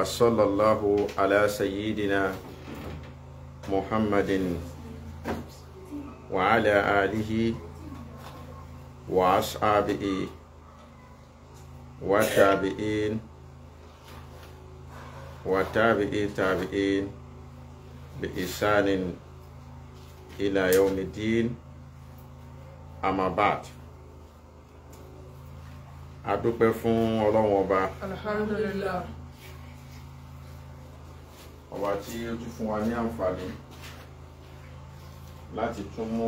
وصلى الله على سيدنا محمد وعلى آله وأصحابه والتابعين وتابعي تابعين بإحسان إلى يوم الدين أما بعد adúpẹ́ fún ọlọ́run ọba. alhamdulillah ọba tí ó tún fún wa ní àǹfààní láti tún mú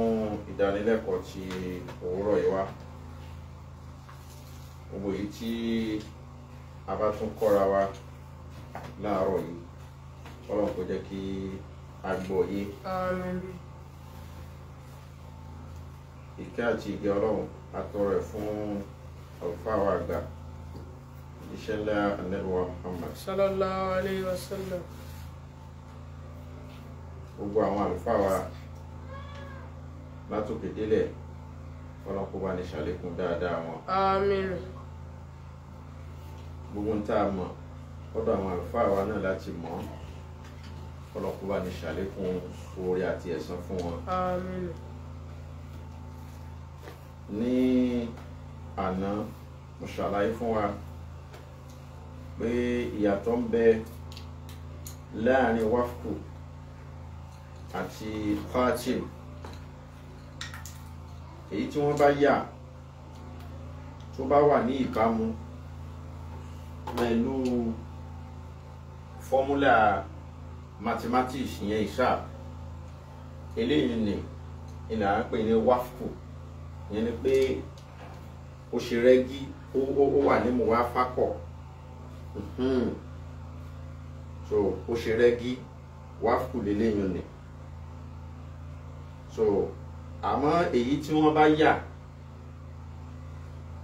ìdánilẹ́kọ̀ọ́ ti òwúrọ̀ yìí wá gbogbo èyí tí a bá tún kọ́ra wa láàárọ̀ yìí ọlọ́run kò jẹ́ kí a gbọ́ yé ìkẹ́ àti ìgẹ́ ọlọ́run àtọrọ ẹ̀ fún àlùfáà wa àgbà iṣẹ́ ńlá ànábì wa Muhammad. sallallahu alayhi wa sallam gbogbo àwọn àlùfáà wa látòkè délẹ̀ ọlọ́pọ̀ bá ní ṣàlékún dáadáa wọn. àmín. gbogbo ń tá a mọ̀ ọ̀dọ̀ àwọn àlùfáà wa náà láti mọ̀ ọlọ́pọ̀ bá ní ṣàlékún oore àti ẹ̀san fún wọn. àmín. ní àná mo ṣàlàyé fún wa pé ìyàtọ̀ ń bẹ láàrin wafco àti khatim èyí tí wọ́n bá yà tó bá wà ní ìbámu pẹ̀lú fọ́múlà mathematics yẹn ìṣáà eléyìí ni ìlà ń pè ní wafco yẹn ni pé ó ṣe rẹ́gí ó wà ní mo wá fakọ̀ so ó ṣe rẹ́gí wafco lélẹ́yìn ni so àmọ́ èyí tí wọ́n bá yà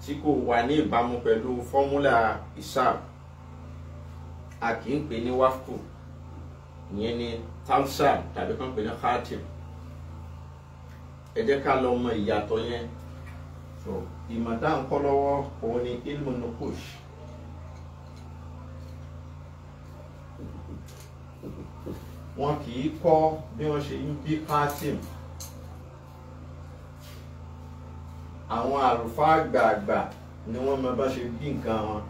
tí kò wà ní ìbámu pẹ̀lú fọ́múlà isab a kì í pè ní wafco ìyẹn ni tamsam tàbí kan pè ní khatim ẹ jẹ́ ká lọ mọ ìyàtọ̀ yẹn so ìmọ̀ tá à ń kọ́ lọ́wọ́ òun ni ilmu nukush wọn kì í kọ́ bí wọ́n ṣe ń bí khatim. àwọn àlùfáà àgbààgbà ni wọ́n máa bá ṣe bí nǹkan wọn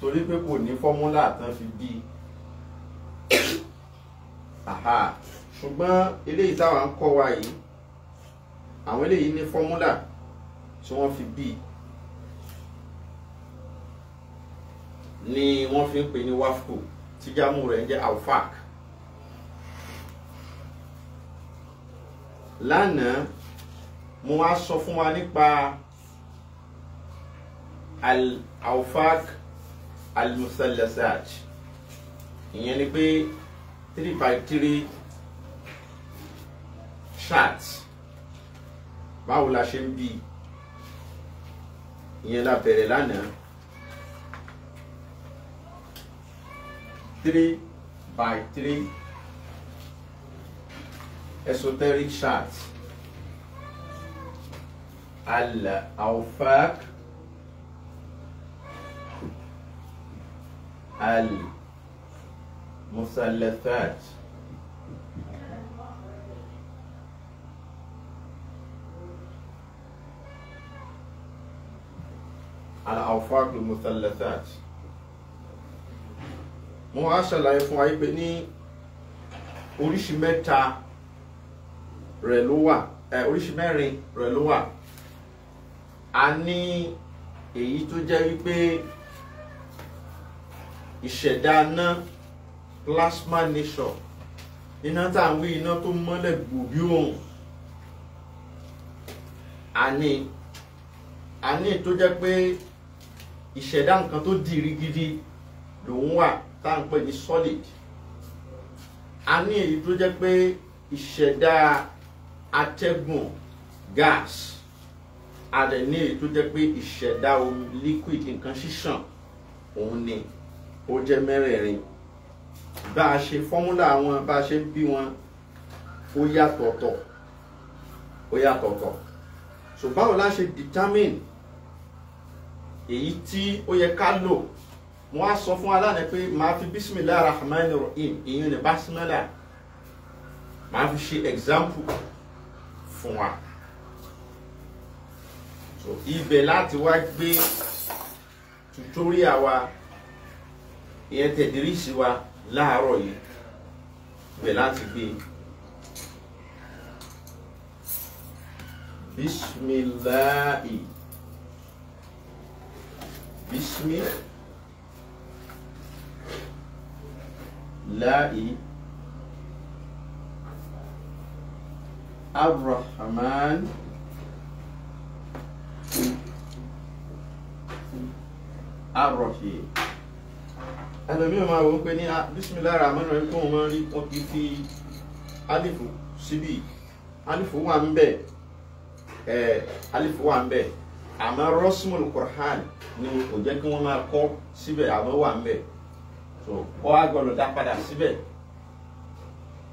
torí pé kò ní fọ́múlà tán fi bí aha ṣùgbọ́n eléyìí táwa ń kọ́ wa yìí àwọn eléyìí ní fọ́múlà tí wọ́n fi bí ni wọ́n fi ń pè ní wafco tí jámù rẹ̀ ń jẹ́ alfac. lánàá mo wá sọ fún wa nípa al-awfaq ìyẹn ni pé three by three chart báwo la ṣe ń bí ìyẹn la bẹ̀rẹ̀ lánàá three by three. esoteric charts الأوفاق المثلثات الأوفاق المثلثات mo wá ṣàlàyé fún wa pé ní ni rẹ̀ ló wà oríṣi mẹ́rin rẹ̀ ló wà a ní èyí tó jẹ́ wípé ìṣẹ̀dá iná plasma nature iná tá à ń wí iná tó mọ́lẹ̀ gbòbí òun àní àní tó jẹ́ pé ìṣẹ̀dá nǹkan tó dìrí gidi lòun wà tá à ń pè ní solid àní èyí tó jẹ́ pé ìṣẹ̀dá atẹ́gùn gas adẹ̀ní tó jẹ́ pé ìṣẹ̀dá omi liquid nǹkan ṣíṣàn òun ni ó jẹ́ mẹ́rẹ̀ẹ̀rin bá a ṣe fọ́múlà wọn bá a ṣe bí wọn ó yàtọ̀ọ̀tọ̀ ó yàtọ̀ọ̀tọ̀ so báwo la ṣe determine èyí tí ó yẹ ká lò mo wá sọ fún aláàánú pé màá fi bisimilahi rahman rahim ìyẹn ní basimilá màá fi ṣe example fún wa so ibẹ̀ láti wá gbé tutorial wa ìyẹn tẹ̀dírísì wa láàárọ̀ yìí ibẹ̀ láti gbé bisimilahi bisimilahi. الرحمن الرحيم ẹlòmíì máa wò pé ní ah, bísímìláì rahman rahim kóun máa rí wọn kì fi alifu síbí alifu wà ń alifu wà ń bẹ àmọ́ rọsùmùl ni kò jẹ́ kí wọ́n máa kọ síbẹ̀ àmọ́ wà ń bẹ tó ọ padà síbẹ̀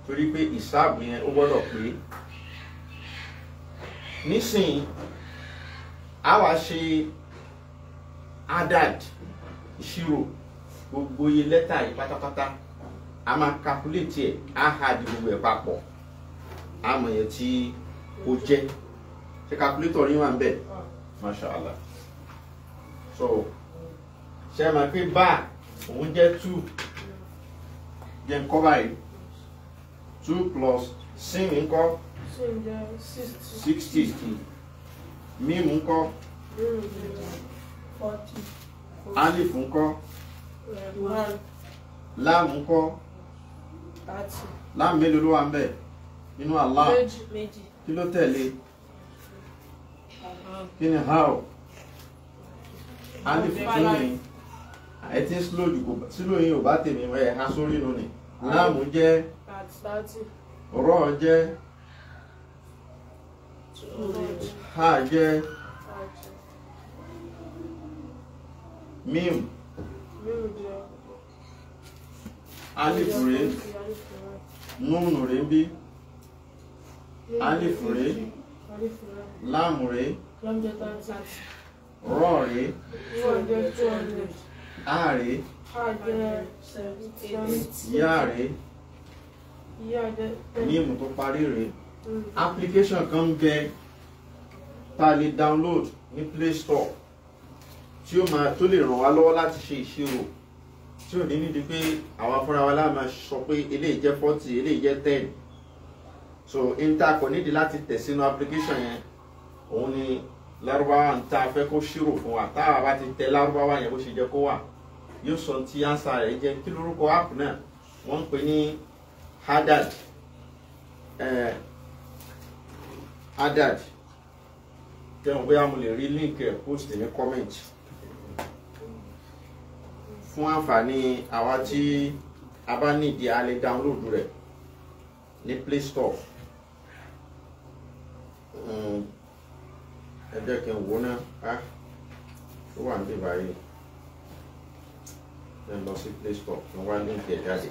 torí pé ìsáàbù yẹn ó gbọ́dọ̀ nísìnyí a wá ṣe adad ìṣirò gbogbo iye lẹ́tà yìí pátápátá a máa calculate ẹ̀ á add gbogbo ẹ̀ papọ̀ a mọ̀ yẹn tí ó jẹ́ ṣe calculator yín wà ń bẹ̀ mashallah so ṣe máa pé bá òun jẹ́ two jẹ́ ń kọ́ báyìí two plus sin ń kọ́ sixty mímu ńkọ́ alifu ńkọ́ láàmù ńkọ́ láàmù Lam ló wà ń bẹ̀ nínú Allah kí ló tẹ̀lé kí ni how alifu kí ni ẹ ti ń slow jù kò sílò yín ò bá tèmi ẹ ha sórí nu ni láàmù jẹ́ rọ́ọ̀ jẹ́ ha jẹ́ mim alif rè núnù rè bí alif rè lam rè rọ a rè yá rè mímu tó parí rè application kan bẹ tá a download ní play store tí ó máa tó lè ràn wá lọ́wọ́ láti ṣe ìṣirò tí ò ní nídi pé àwa fúnra wa láà máa sọ pé eléyìí jẹ́ forty eléyìí jẹ́ ten so intakọ̀ nídi láti tẹ̀ sínú application yẹn òun ni lárúbáwá ń ta fẹ́ kó ṣírò fún wa táwa bá ti tẹ lárúbáwá yẹn bó ṣe jẹ́ kó wà yóò sọ ti ansa rẹ̀ jẹ́ kí lórúkọ app náà wọ́n ń pè ní hadad. Eh, added kẹrin bóyá mo lè rí link ẹ post ní comment fún àǹfààní àwa tí a bá nídìí a lè download rẹ ní play store hmm. ẹ jẹ́ kí n wò náà á ó wà níbí báyìí ẹ lọ sí play store kí n wá link ẹ jáde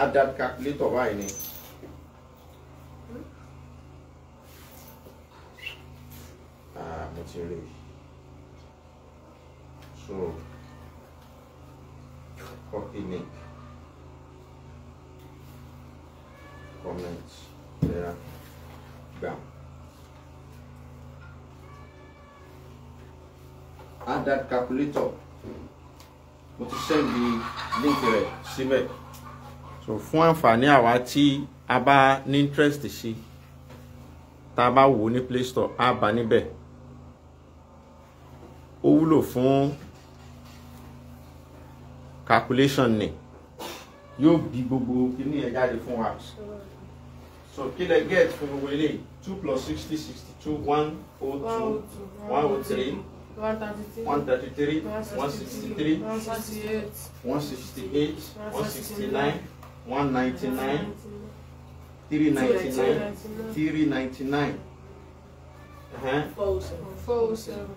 add that calculator báyìí ni. mo so copy link comment there bam add that calculator mo ti send the link rẹ síbẹ̀ so fún àǹfààní àwa tí a bá ní interest sí tá a bá wò ní play store a bá níbẹ̀ ó wúlò fún calculation ni yóò bí gbogbo kíní ẹ̀ jáde fún wa so kí lẹ get fún gbogbo eléyìí two plus sixty sixty oh two one oh two one oh three. one thirty-three-one thirty-three-one sixty-three-one thirty sixty sixty-eight-one 133, 163, 168, 168, 169, 199, 399, 399, 399. Uh -huh. 407. seven. Oh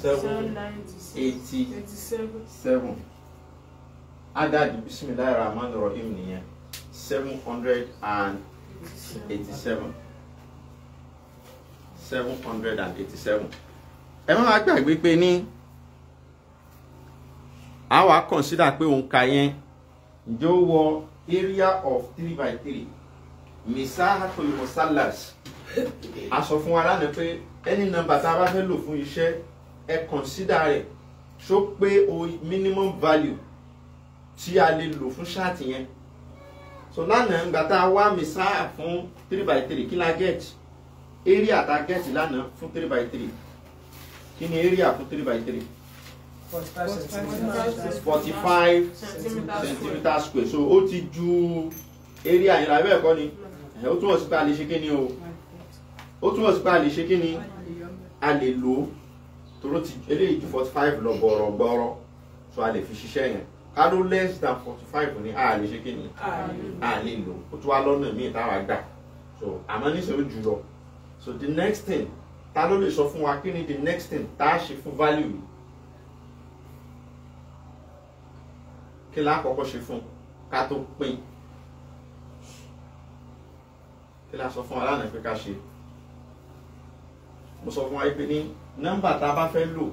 seven eighty seven adadi bisimilayi rahman rahim nìyẹn seven hundred and eighty seven seven hundred and eighty seven ẹ má gbàgbé pé ní a wá consider pé òǹkà yẹn ǹjẹ́ ó wọ area of three by three misahatul musallas a sọ fún wa lánàá pé any number tá a bá fẹ́ lò fún iṣẹ́ ẹ consider rẹ̀ ṣó pé o minimum value tí a lè lò fún ṣáàtì yẹn so lánàá ìgbà tá a wá mìsáà fún three by three kí la get area tá a get lánàá fún three by three kí ni area fún three by three forty five centimeter square so o ti ju area yẹn lábẹ́ ẹ̀kọ́ ni ó túmọ̀ sí pé a lè ṣe kí ni o ó túmọ̀ sí pé a lè ṣe kí a lè lò toro ti eléyìí ju forty five lọ gbọrọ gbọrọ so a lè fi ṣiṣẹ́ yẹn ká ló less than forty five ní a lè ṣe kí ni a lè lò ó tún wá lọ́nà míì táwa gbà so àmọ́ níṣẹ́ jù lọ so the next thing ta ló lè sọ fún wa kí ni the next thing tá a ṣe fún value yìí kí la kọ́kọ́ ṣe fún ká tó pín kí la sọ fún wa lánàá pé ká ṣe mo sọ fún wa pé ní nọ́mbà tá a bá fẹ́ lò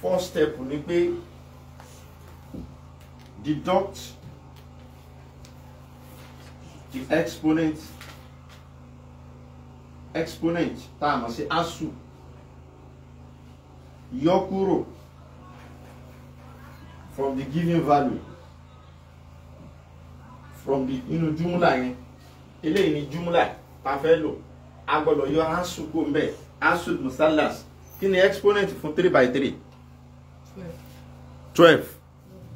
first step ni pé deduct the exponent exponent tá a sí asu yọ kúrò from the given value from the nínú jumla yẹn eléyìí ni jumla tá a fẹ́ lò a yọ asu kó mbẹ́ asu musalas kí ni exponent fún three by three twelve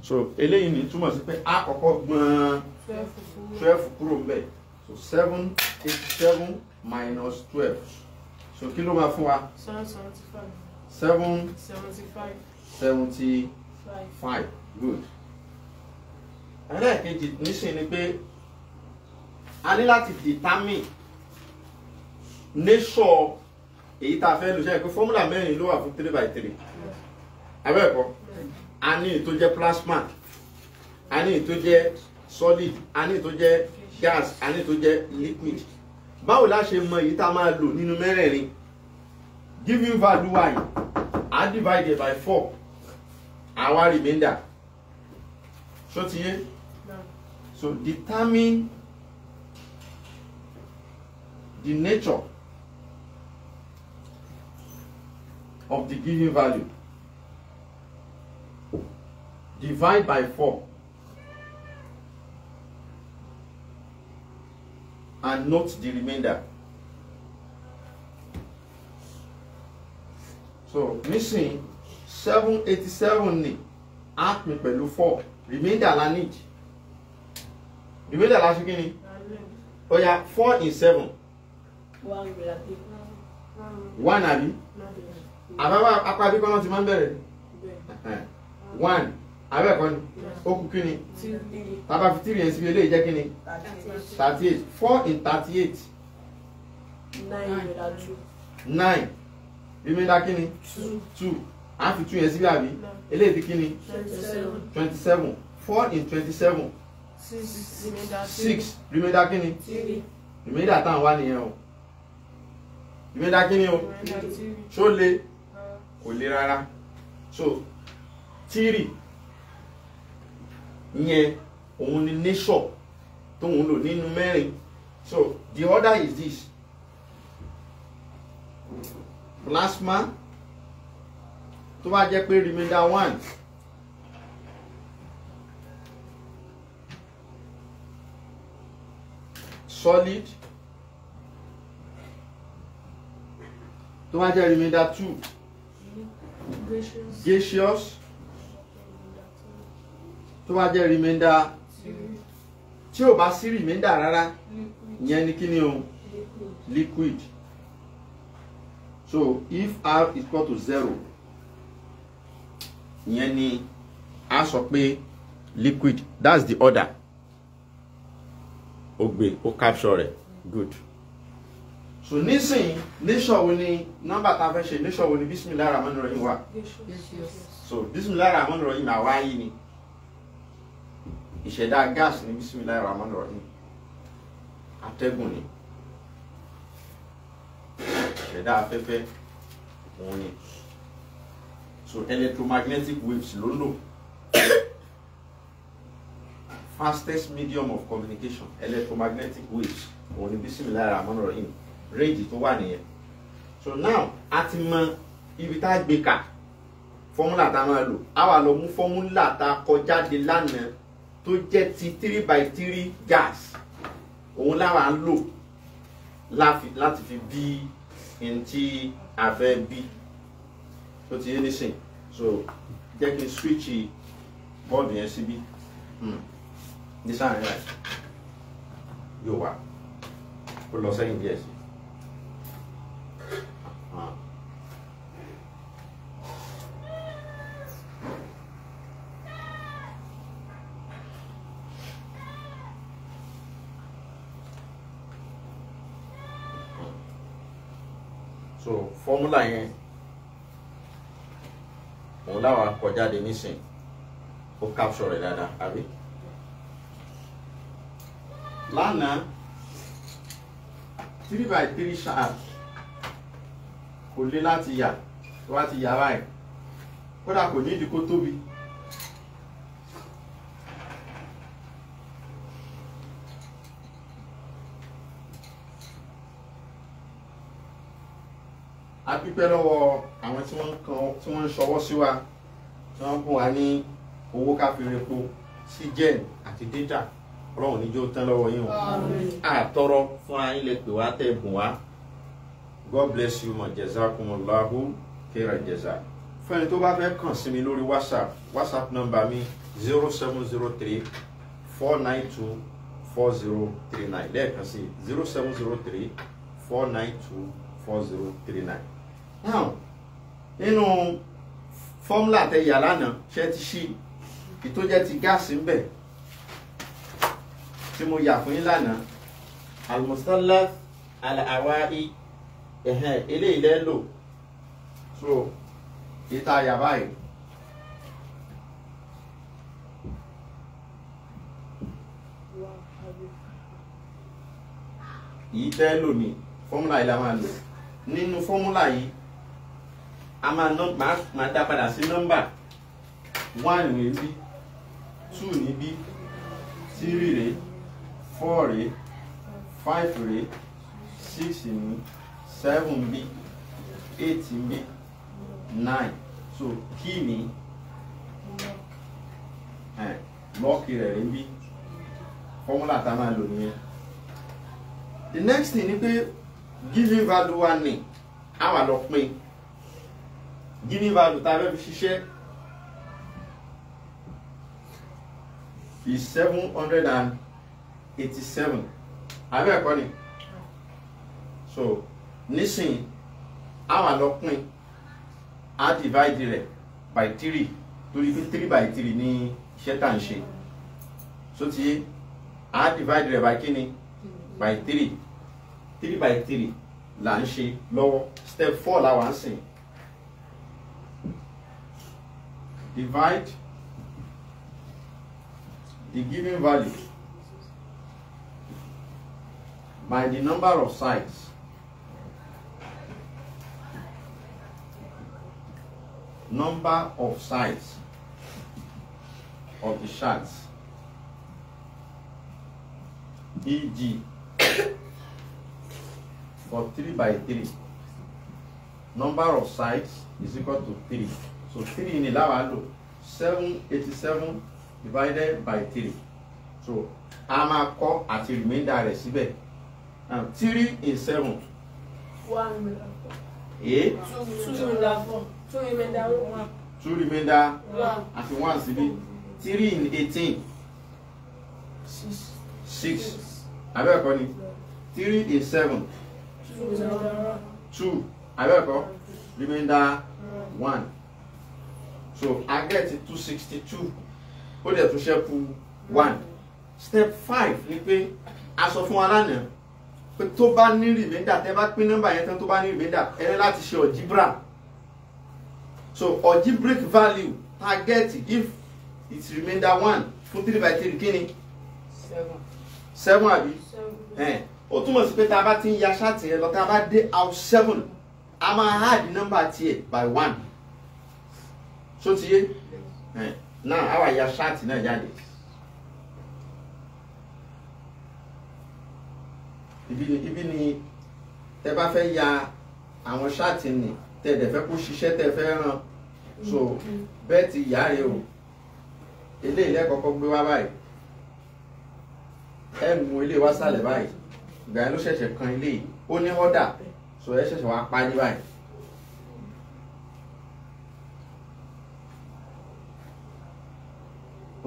so eléyìí ní túmọ̀ sí pé a kọ́kọ́ gbọ́n twelve kúrò ń bẹ̀ so seven eight seven minus twelve so kí ló máa fún wa seven seventy five Seventy-five. good ẹlẹ́ẹ̀kejì nísìnyí ni pé a ní láti determine nature èyí tá a fẹ́ lò ṣe pé fọ́múlà mẹ́rin ló wà fún three by three abẹ́ ẹ̀kọ́ a ní èyí tó jẹ́ plasma a ní èyí jẹ́ solid a ní èyí jẹ́ gas a ní èyí jẹ́ liquid báwo la ṣe mọ èyí tá a máa lò nínú mẹ́rẹ̀ẹ̀rin giving value wa yìí a divide by four Our remainder So ti yé so determine the nature of the given value. Divide by 4. And note the remainder. So, nísìnyí, 787 ni, a me pẹ̀lú 4, remainder la need. Remainder la ṣe kí ni? Ó yá, 4 in 7. 1 àbí? àbáwá apábí kọ́nà ti máa ń bẹ̀rẹ̀ one abẹ́ ẹ̀kọ́ ni ó kú kí ni tábà fi tìrì yẹn síbi eléyìí jẹ́ kí ni thirty eight four in thirty eight nine bímínda kí ni two a fi two yẹn síbi àbí eléyìí fi kí ni twenty seven four in twenty seven six bímínda kí ni bímínda táwọn wá nìyẹn o bímínda kí ni o ṣó le kò le rárá so tírì yẹn òun ni nature tóun lò nínú mẹ́rin so the order is this plasma tó bá jẹ́ pé remainder one. solid tó bá jẹ́ remainder two gracious tó bá jẹ́ remainder tí ò bá sí remainder rárá ìyẹn ni kí ni o liquid so if r is equal to zero ìyẹn ni a sọ pé liquid that's the order ogbe gbé capture rẹ̀ good. so nísìn nation wo ni nọ́mbà tá a fẹ́ ṣe nation wo ni bisimilayi rahman rahim wa so bisimilayi rahman rahim àwa yìí ni ìṣẹ̀dá gas ni bisimilayi rahman rahim atẹ́gùn ni ìṣẹ̀dá afẹ́fẹ́ òun ni so electromagnetic waves ló lò fastest medium of communication electromagnetic waves òun ni bisimilayi rahman rahim range tó wà nìyẹn so now a ti mọ ibi tá a gbé kà fọ́múlà tá a máa lò a wà lọ mú fọ́múlà tá a kọ jáde lánàá tó jẹ́ ti three by three gas òun láwa ń lò láti fi bí n tí a fẹ́ bí tó ti yé nísìn so jẹ́ kí n switch bọ́ọ̀dù yẹn síbí ní sáà rẹ̀ yóò wá kó lọ sẹ́yìn díẹ̀ sí. rúlà yẹn òun láwọn akọjáde nísìn ó capture rẹ̀ dáadáa àbí lánàá three by three sharp kò lé láti yà tó bá ti yà báyìí kódà kò ní ìdí tóbi. a dúpẹ́ lọ́wọ́ àwọn tí wọ́n kan tí wọ́n ń ṣọwọ́ sí wa tí wọ́n bùn wá ní owó ká fi repo sí gen àti data ọlọ́run níjó tán lọ́wọ́ yín o àtọrọ fúnra yín lè pè wá tẹ̀ bùn wá God bless you ma jazakumullahu kera jaza fún ẹni tó bá fẹ́ kàn sí mi lórí WhatsApp WhatsApp number mi zero seven zero three four nine two four zero three nine lẹ́ẹ̀kan sí zero seven zero three four nine two four zero three nine now nínú fọ́múlà tẹ yà lánàá ṣe ti ṣí ìtó jẹ́ ti gáàsì ń bẹ tí mo yà fún yín lánàá almustalath al-awai ẹ̀hẹ́n eléyìí lẹ́ lò so ìta yà báyìí. yìí tẹ́ lò ní fọ́múlà yìí la máa lò nínú fọ́múlà yìí a máa ná máa dá padà sí nọ́mbà one rèé bí two níbí three rèé four rèé five rèé six ní seven bí eight bí nine so kí ni lọ́ọ̀kì rẹ̀ rí bí fọ́múlà tá a máa lò nìyẹn the next thing ni pé giving value wa ni a wà lọ pín gini value tá a fẹ́ fi ṣiṣẹ́ is seven hundred and eighty-seven abẹ́ ẹ̀kọ́ ni so nísìnyí àwa lọ pín á divide rẹ̀ by three torí pé three by three ní iṣẹ́ tá à ń ṣe so ti á divide rẹ̀ by kíni by three three by three là ń ṣe lọ́wọ́ step four làwa ń sìn. divide the given value by the number of sides number of sides of the shards e.g. for 3 by 3 number of sides is equal to 3 so three ni láwa lò seven eighty seven divided by three so a máa kọ́ àti remainder rẹ̀ síbẹ̀ now three in seven. one remainder eight. two remainder four. two remainder one. two remainder one. àti one síbí three in eighteen. six. six. abẹ́ẹ̀kọ́ ni three in seven. two remainder one. two abẹ́ẹ̀kọ́ remainder one so I get two sixty two ó dẹ̀ tún ṣẹ́kù one step five ni pé a sọ fún wa lánàá pé tó bá ní rìmẹ́ndà tẹ́ bá pín nọ́mbà yẹn to tó bá remainder. rìmẹ́ndà ẹ ní láti so algebraic value target if its remainder one fún three by three kí ni seven àbí ó túmọ̀ sí pé tá a bá ti ń ya ṣáàtì yẹn lọ tá a bá out seven a máa add number tiẹ̀ by one. So ti yé náà àwa ya ṣáàtì náà jáde ibi ni ibi ni tẹ bá fẹ́ ya àwọn ṣáàtì ni tẹ dẹ̀ fẹ́ kó ṣiṣẹ́ tẹ fẹ́ ràn so bẹ́ẹ̀ ti yá rèé o eléyìí lẹ́kọ̀ọ́kọ́ gbé wá báyìí ẹ mú ilé wá sálẹ̀ báyìí ìgbà yẹn ló ṣẹ̀ṣẹ̀ kan ilé yìí ó ní ọ́dà so ẹ ṣẹ̀ṣẹ̀ wá parí báyìí.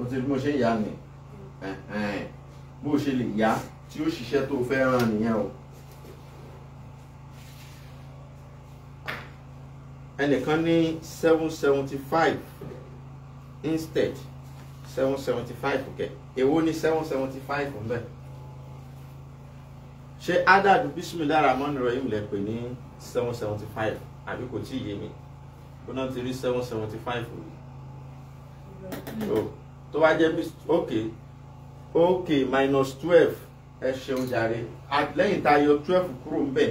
o ti bí mo ṣe ń yá ni bó o ṣe lè yá tí ó ṣiṣẹ́ tó fẹ́ nìyẹn o. ẹnìkan ní seven seventy five instead seven seventy five kẹ èwo ní seven seventy five ń bẹ ṣé adadu bisimilah rahman rahim lè pè ní seven seventy five àbí kò tí ì yé mi kó náà ti rí seven seventy five rí tó bá jẹ́ ok ok minus twelve ẹ ṣeun jàre lẹ́yìn tá a yọ twelve kúrò ń bẹ̀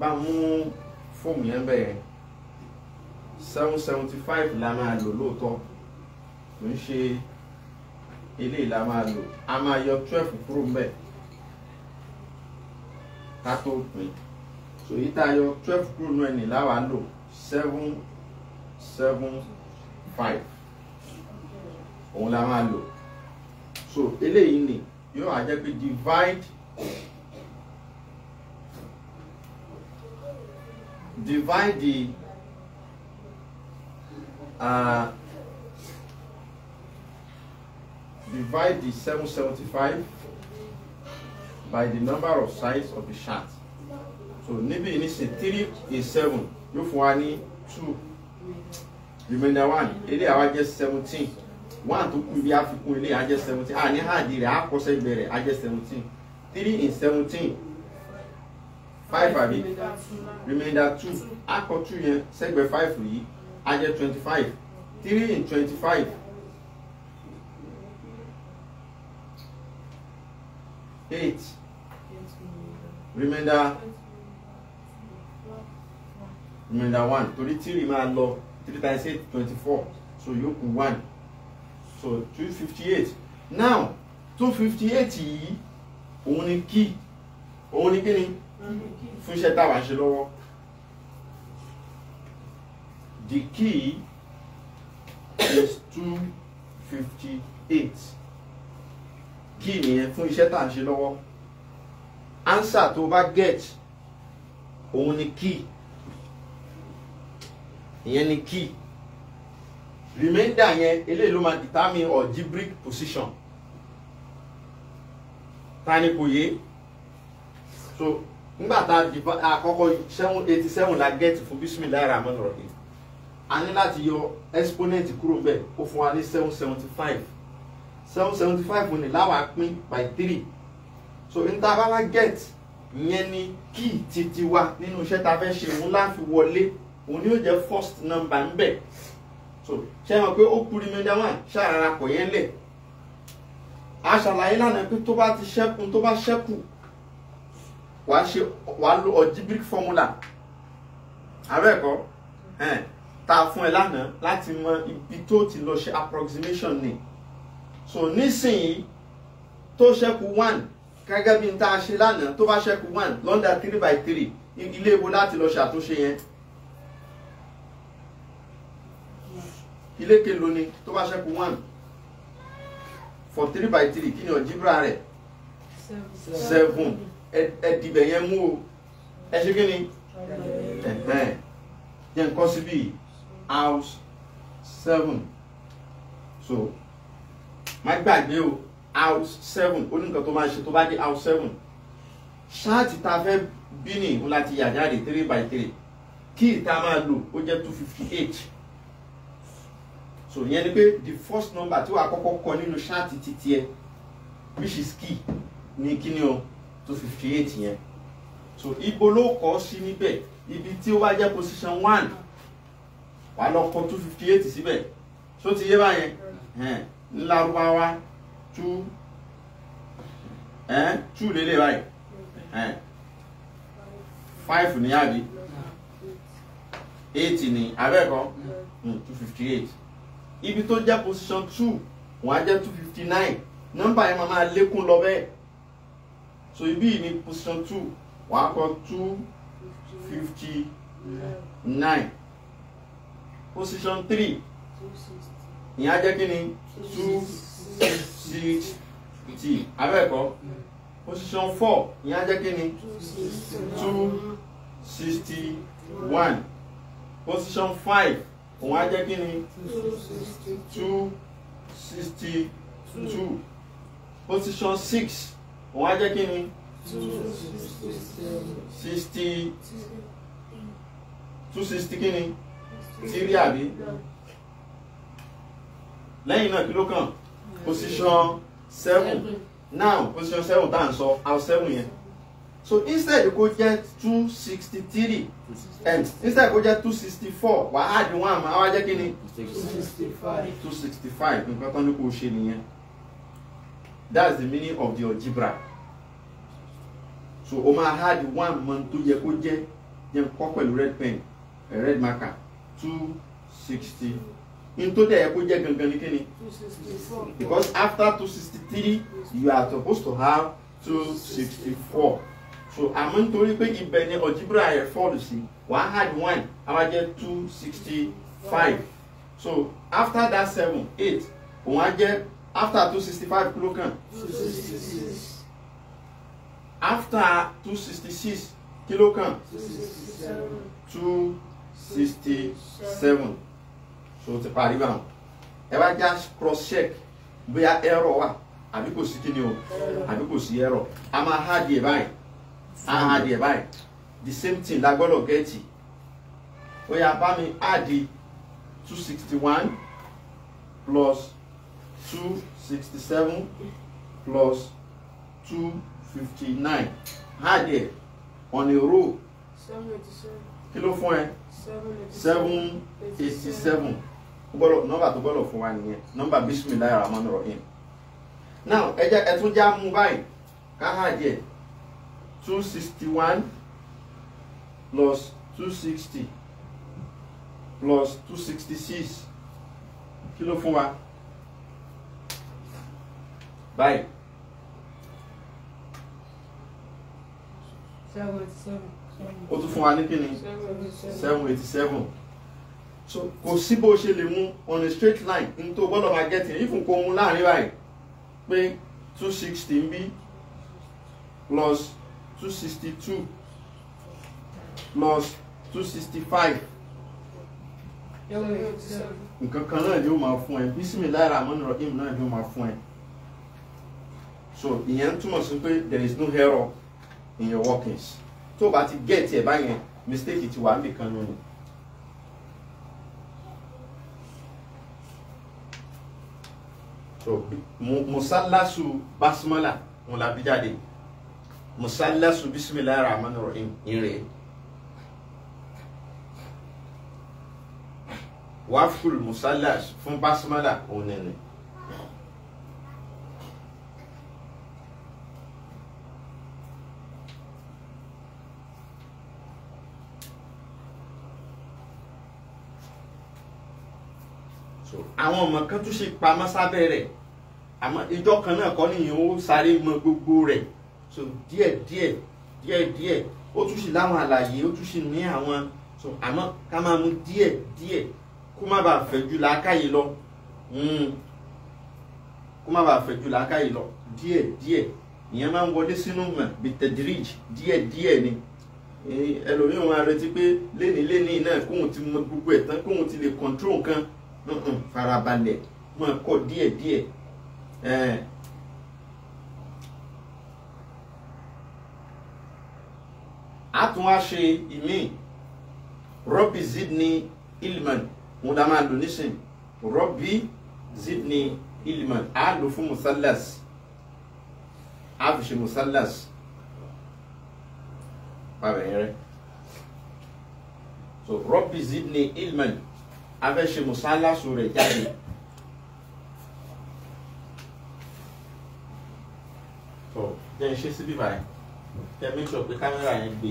bá mú fóòmù yẹn bẹ̀ yẹn seven seventy five la máa lò lóòótọ́ kò ń ṣe eléyìí la máa lò a máa yọ twelve kúrò ń bẹ̀ ká tó pín sòyí tá a yọ twelve kúrò nù ẹ̀ nì láwàá lò seven seven five òun la máa lò so eléyìí ni yóò wá jẹ́ pé divide divide the uh, divide the seven seventy five by the number of sides of the shaft so níbi nísìnyí three is seven yóò fún wa ní two remainder one eléyàwó jẹ́ seventeen one tó kù bí àfikún ilé ajẹ́ seventeen a ah, ní hard rẹ̀ àkọsẹ́ ìbẹ̀rẹ̀ ajẹ́ seventeen three in seventeen five àbí remainder two akọ two yẹn sẹ́gbẹ̀ẹ́ five yìí ajẹ́ twenty five three in twenty five. eight remainder remainder one torí three máa lọ three times eight twenty four so yòókù one so two fifty eight now two fifty eight yìí òun ni kí òun ni kíni fún iṣẹ́ táwa ń ṣe lọ́wọ́ the key is two fifty eight kí nìyẹn fún iṣẹ́ tá à ṣe lọ́wọ́ answer tó bá get òun ni key ìyẹn ni key remainder yẹn eléyìí ló máa determine algebraic position tani ni kò yé so nígbà tá a kọ́kọ́ seven eighty seven la get fún bismillahir rahmanir rahim a ní láti yọ exponent kúrò bẹ́ẹ̀ ó fún wa ní seven seventy five seven seventy five ní láwa pín by three so interval get yẹn ni key titi wa nínú iṣẹ́ ta fẹ́ ṣe òun láfi wọlé òun ni jẹ́ first number ń bẹ̀ so ṣe mọ̀ pé ó kúri mi dáwọn ṣàrara kò yẹn lẹ̀ a ṣàlàyé lánàá pé tó bá ti ṣẹ́kù tó bá ṣẹ́kù wàá ṣe wàá lo algebraic formula abẹ́ẹ̀kọ́ tá a fún ẹ lánàá láti mọ ibi tó ti lọ ṣe approximation ni so nísìnyí tó ṣẹ́kù one gẹ́gẹ́ bí n tá a ṣe lánàá tó bá ṣẹ́kù one lọ́ndà three by three ilé ewo láti lọ ṣàtúnṣe yẹn ilé kelo ni tó bá ṣẹ́kù one for three by three kí ni ọ̀jíbrà rẹ̀ seven ẹ̀dìbẹ̀ yẹn mú o ẹ ṣe kí ni yẹn nǹkan síbí house seven so má gbàgbé o house seven ó ní nǹkan tó máa ṣe tó bá dé house seven ṣáàtì tá a fẹ́ bí ni òun láti yà jáde three by three kí ìta máa lò ó jẹ́ two fifty eight so ìyẹn ni pé the first number tí wàá kọ́kọ́ kọ nínú ṣáàtì títí ẹ which is key ní kíni o two fifty eight yẹn so ibo ló kọ́ sí níbẹ̀ ibi tí ó bá jẹ́ position one wàá lọ kọ two fifty eight síbẹ̀ so ti yé báyẹn ńlárúbáwá two two lélẹ̀ báyìí five ní àbí eight ní abẹ́ẹ̀kọ́ hmm, two fifty eight ibi tó jẹ́ position two wọ́n á jẹ́ two fifty nine nọ́mbà yẹn máa máa lékún lọ bẹ́ẹ̀ so ibi ní position two wọ́n á kọ two fifty nine position three ìyẹn á jẹ́ kí ni two sixty abẹ́ẹ̀kọ́ position four ìyẹn á jẹ́ kí ni two sixty one position five òun á jẹ́ kí ni two sixty two position six òun á jẹ́ kí ni sixty two sixty kí ni tírí àbí lẹ́yìn náà kí ló kàn position seven now position seven tá à ń sọ out seven yẹn so instead go get two sixty three and instead go get two sixty four wà add di one àmọ́ àwa jẹ́ kí ni two sixty five nǹkan tó ní kó ṣe nìyẹn that's the meaning of the algebra so o máa add one mọ tó yẹ kó jẹ́ jẹ́ kọ́ pẹ̀lú red pen a eh, red marker two sixty in tó dẹ̀ yẹ kó jẹ́ gangan ní kíni because after two sixty three you are supposed to have two sixty four so àmọ́ nítorí pé ibẹ̀ ni algebra rẹ̀ fọ́ọ̀lù sí one add one á wá jẹ́ two sixty five so after that seven eight òun á jẹ́ after two sixty five kúló kàn after two sixty six kúló kàn two sixty seven so ti parí báwọn ẹ wá já cross check bóyá error wà àbí kò sí kí ni o àbí kò sí error a máa há di báyìí àhàn adìẹ báyìí the same thing la gbọ́dọ̀ gẹ́ẹ̀tì ó yá bá mi àdì two sixty one plus two sixty seven plus two fifty nine àdìẹ on a row kí ló fún ẹ seven eighty seven gbọ́dọ̀ nọ́mbà tó gbọ́dọ̀ fún wa nìyẹn nọ́mbà bisimilayi rahman rahim now ẹ jẹ́ ẹ tún já mú báyìí ká àdìẹ. 261 plus 260 plus 266 kilo six kí ló fún wa báyìí. ó tún seven eighty seven so kò sí bó ṣe lè mú on a straight line n tó gbọ́dọ̀ máa gẹ́tì ìfún kò mú láàrin báyìí pé two ń bí plus 262 plus 265 nǹkan kan náà ni ó máa fún ẹ bismillahir rahmanir rahim náà ni ó máa fún ẹ so ìyẹn túmọ̀ sí pé there is no error in your workings tó o bá ti get ẹ̀ báyẹn mistake ti wà níbi kan lónìí. so musalasu basmala wọn la bí jáde musallasu bisimilahi rahman rahim ire waful musallas fún basimala onene so àwọn ọmọ kan tún ṣe pamọ́ sábẹ́ rẹ̀ àmọ́ ìjọ kan náà kọ́ nìyẹn ó sáré mọ gbogbo rẹ̀ so díẹ̀ díẹ̀ díẹ̀ díẹ̀ ó tún sì láwọn àlàyé ó tún sì ní àwọn so àmọ́ ká máa mú díẹ̀ díẹ̀ kó má bàa fẹ̀ ju làákàyè lọ hmm. kó má bàa fẹ̀ ju làákàyè lọ díẹ̀ díẹ̀ ìyẹn máa ń wọlé sínú mọ̀ bìtẹ̀díríj díẹ̀ díẹ̀ ni ẹlòmíràn wọn retí pé léni léni náà kóhun ti mọ gbogbo ẹ̀ tán kóhun ti lè kọ̀ntró nǹkan hmm, hmm. farabalẹ̀ máa kọ́ díẹ̀ díẹ̀ a tún wá ṣe ìmíì rọ́bì zidni ilman òun la máa lò nísìn rọ́bì zidni ilman a lò fún musallas a fi ṣe musallas pàbẹ yẹn so rọ́bì zidni ilman a fẹ́ ṣe musallas rẹ̀ jáde. jẹ́ ṣe síbí báyìí kẹ́ make sure pé kámẹ́rà yẹn gbé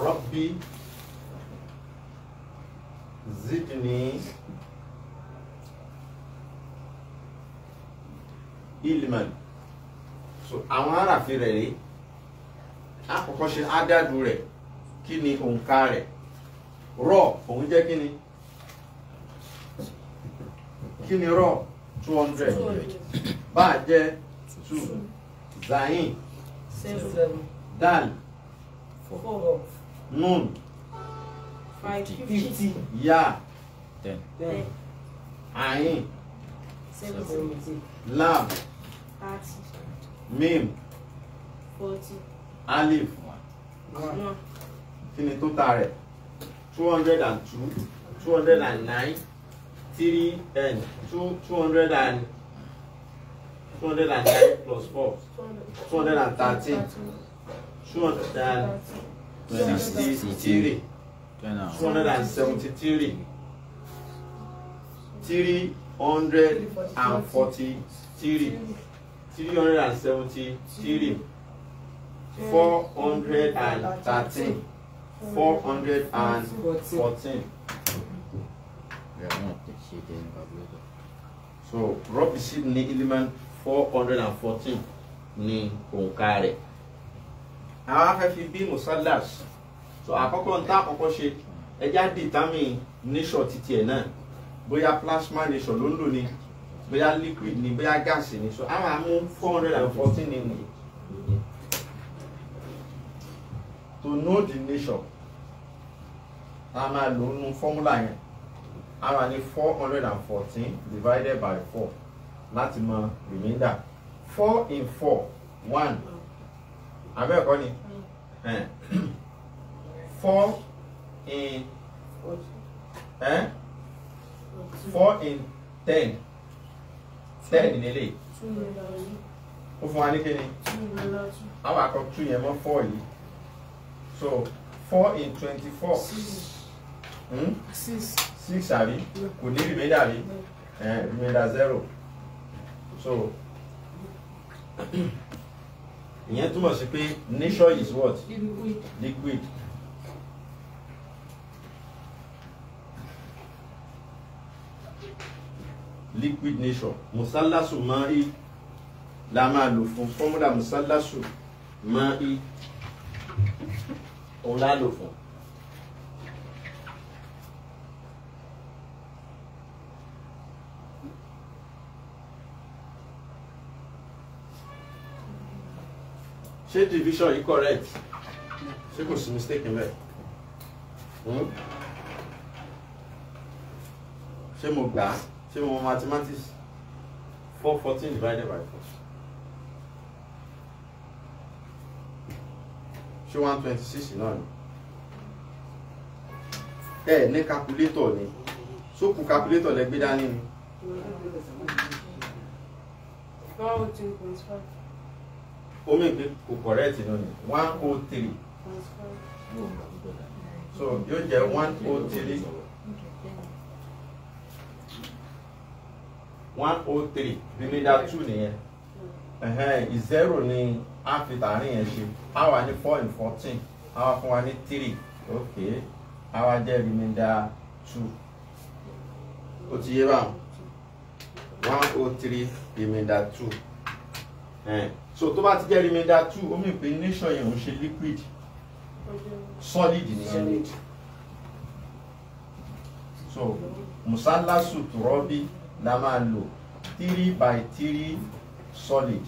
rọ́bì zidni ilman so àwọn aráàfin rẹ̀ rí àkọ́kọ́ ṣe ádádù rẹ̀ kí ni òǹkà rẹ̀ rọ̀ òun jẹ́ kí ni kí ni rọ̀ two hundred bá jẹ́ two zayin dal four, nun fifty ya ten, ayin lam mim alif kí ni tó ta two hundred and two two hundred and nine three and eh, two two hundred and. Two plus 4, 213, hundred and thirteen. Two hundred and sixty-three. Two hundred and seventy-three. Three So, رب سيدني إلمن four hundred and fourteen ní òǹkà rẹ̀ àwọn afẹ́ fi bí musalas so hmm. àkọ́kọ́ ń tá àkọ́kọ́ ṣe ẹja dìtámì nature títí ẹ̀ náà bóyá plasma nature ló ń lò ní bóyá liquid ní bóyá gas ní so àwọn amú four hundred and fourteen ní nìyí to know the nation, a máa lò ó nu fọ́múlà yẹn a máa ní four hundred and fourteen divided by four láti mọ remainder four in four one abẹ́ ẹ̀kọ́ ni four in eh? four in ten ten nílé ó fún wa ní kíni àwọn àkọ́kọ́ tún yẹn mọ́ four yìí so four in twenty-four hmm? six Six. àbí kò ní rìmẹ́dà rí rìmẹ́dà zero so ìyẹn túmọ̀ sí pé nature is what liquid. liquid. liquid nature musallasu ma'i la máa lò fún fọ́múlà musallasu ma'i òun la lò fún. ṣé division yìí correct ṣé kò sí mistake ń bẹ hmm? ṣé mo gbà á mo mathematics four fourteen divided by four ṣé one twenty six náà ni ẹ ní calculator ni sóòpù calculator lẹ gbé dání ni omi ìgbé kò correct nù ní one o oh three so yóò jẹ́ one o oh three one o oh three remainder two nìyẹn zero ni a fi tààrin yẹn ṣe a wà four in fourteen a wà fún wa ní three ok a wà jẹ́ two ó ti yé báwọn one oh three remainder two so tó bá ti jẹ́ remainder two ó mì pé nation yẹn ò ṣe liquid solid nìyẹn so musalasu turabi la máa lo, three by three solid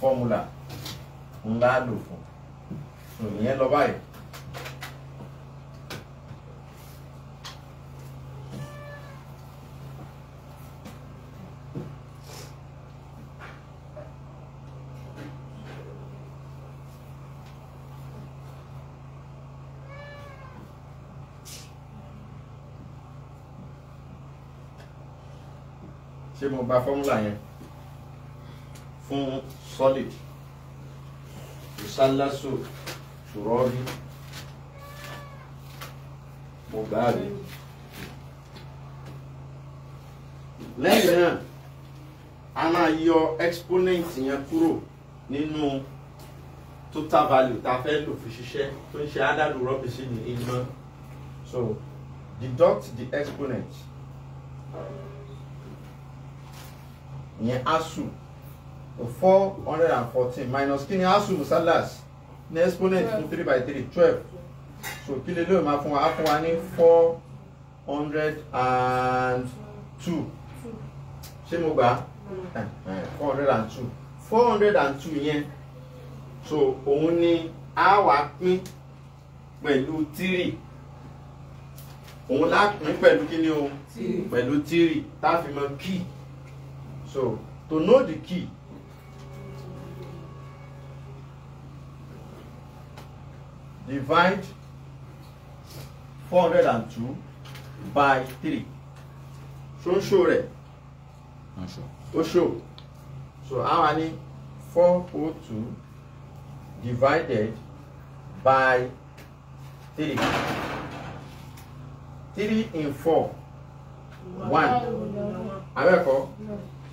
formula ńlá lò fún so ìyẹn lọ báyìí. gba fọ́múlà yẹn fún solid ìsálásò ṣùrọ́rí mo gbà á rí lẹ́yìn náà a máa yọ exponent yẹn kúrò nínú total value tá a fẹ́ lò fi ṣiṣẹ́ tó ń ṣe ádàlù rọ́bìṣì so deduct the exponent ìyẹn asu four hundred and fourteen minus kini asu musalas ní exponent fún three by three twelve so kí lè lóye máa fún wa á fún wa ní four hundred and two ṣé mo gbà four hundred and two four hundred and two yẹn so òun ni a wá pín pẹ̀lú tírì òun lápín pẹ̀lú kí ni o pẹ̀lú tírì tá a fi mọ kíì. So, to know the key, divide 402 by 3. So, show it. So sure. Oh, show. So, how many? 402 divided by 3. 3 in 4. 1. I No.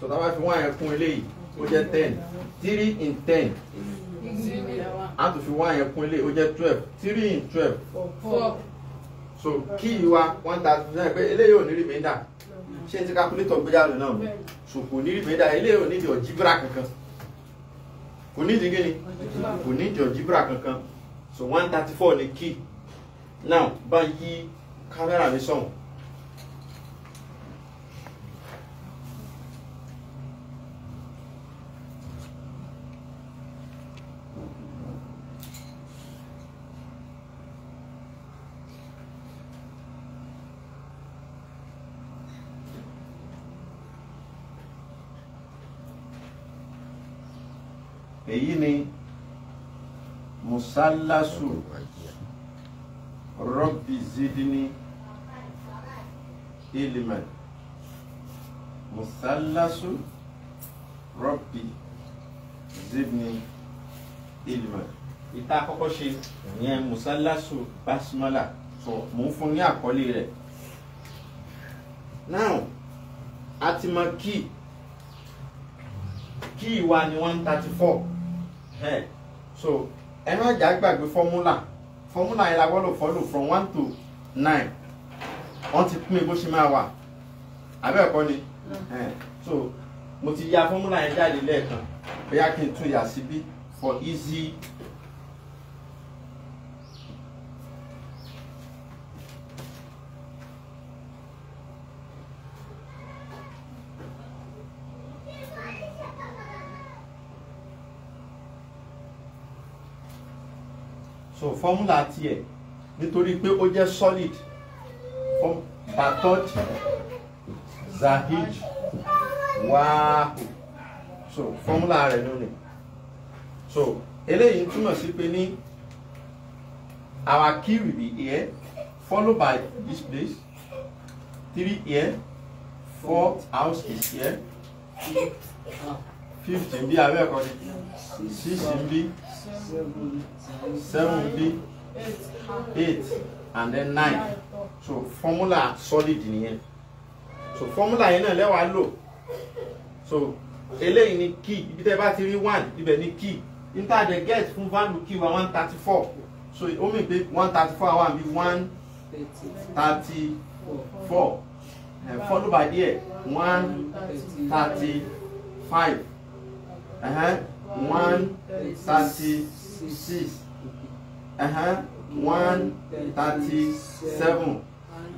So bá fi one yẹn kún eléyìí ó jẹ́ ten three in ten a tún fi one yẹn kún eléyìí ó jẹ́ twelve three in twelve so kí ìwà one thousand náà pé eléyìí ò ní rí mẹ́ńdà ṣé ti calculator gbéjà lò náà so kò ní rí mẹ́ńdà eléyìí ò ní di ọ̀jíbírà kankan kò ní di gíní kò ní di ọ̀jíbírà kankan so one thirty four ni kí now by yí kámẹ́rà mi sọ̀hún. sálásù rọ́bì Zidni ilman musalasu rọ́bì Zidni ilman Ita koko ṣe ìyẹn musalasu basmala so mò ń fún ní àkọlé now ati ti ki kí wa ni one thirty four so ẹ má jà gbàgbé fọ́múlà fọ́múlà yẹn la gbọ́dọ̀ fọ́lù from one to nine wọ́n ti pín bó ṣe máa wà abẹ́ ẹ̀kọ́ ni mm. so mo ti ya fọ́múlà yẹn jáde lẹ́ẹ̀kan bóyá kí n tún yà síbí for easy fọ́múlà tiẹ̀ nítorí pé ó jẹ́ solid batọ́t zahid wáhù so fọ́múlà rẹ̀ ló ní so eléyìí túmọ̀ sí pé ní our key will be here followed by this place three here four house is here fifty ń bí abẹ́ ẹ̀kọ́ ni six ń seven ń eight and then nine so formula solid nìyẹn so formula yẹn náà lẹ́wàá lò so eléyìí ni key ibi tẹ́ bá ti rí one ibẹ̀ ni key interdẹ get fún value key wa one thirty four so ó mì pé one thirty four àwọn àbí one thirty four followed by there one thirty five. Uh huh. one thirty six Uh huh. one thirty seven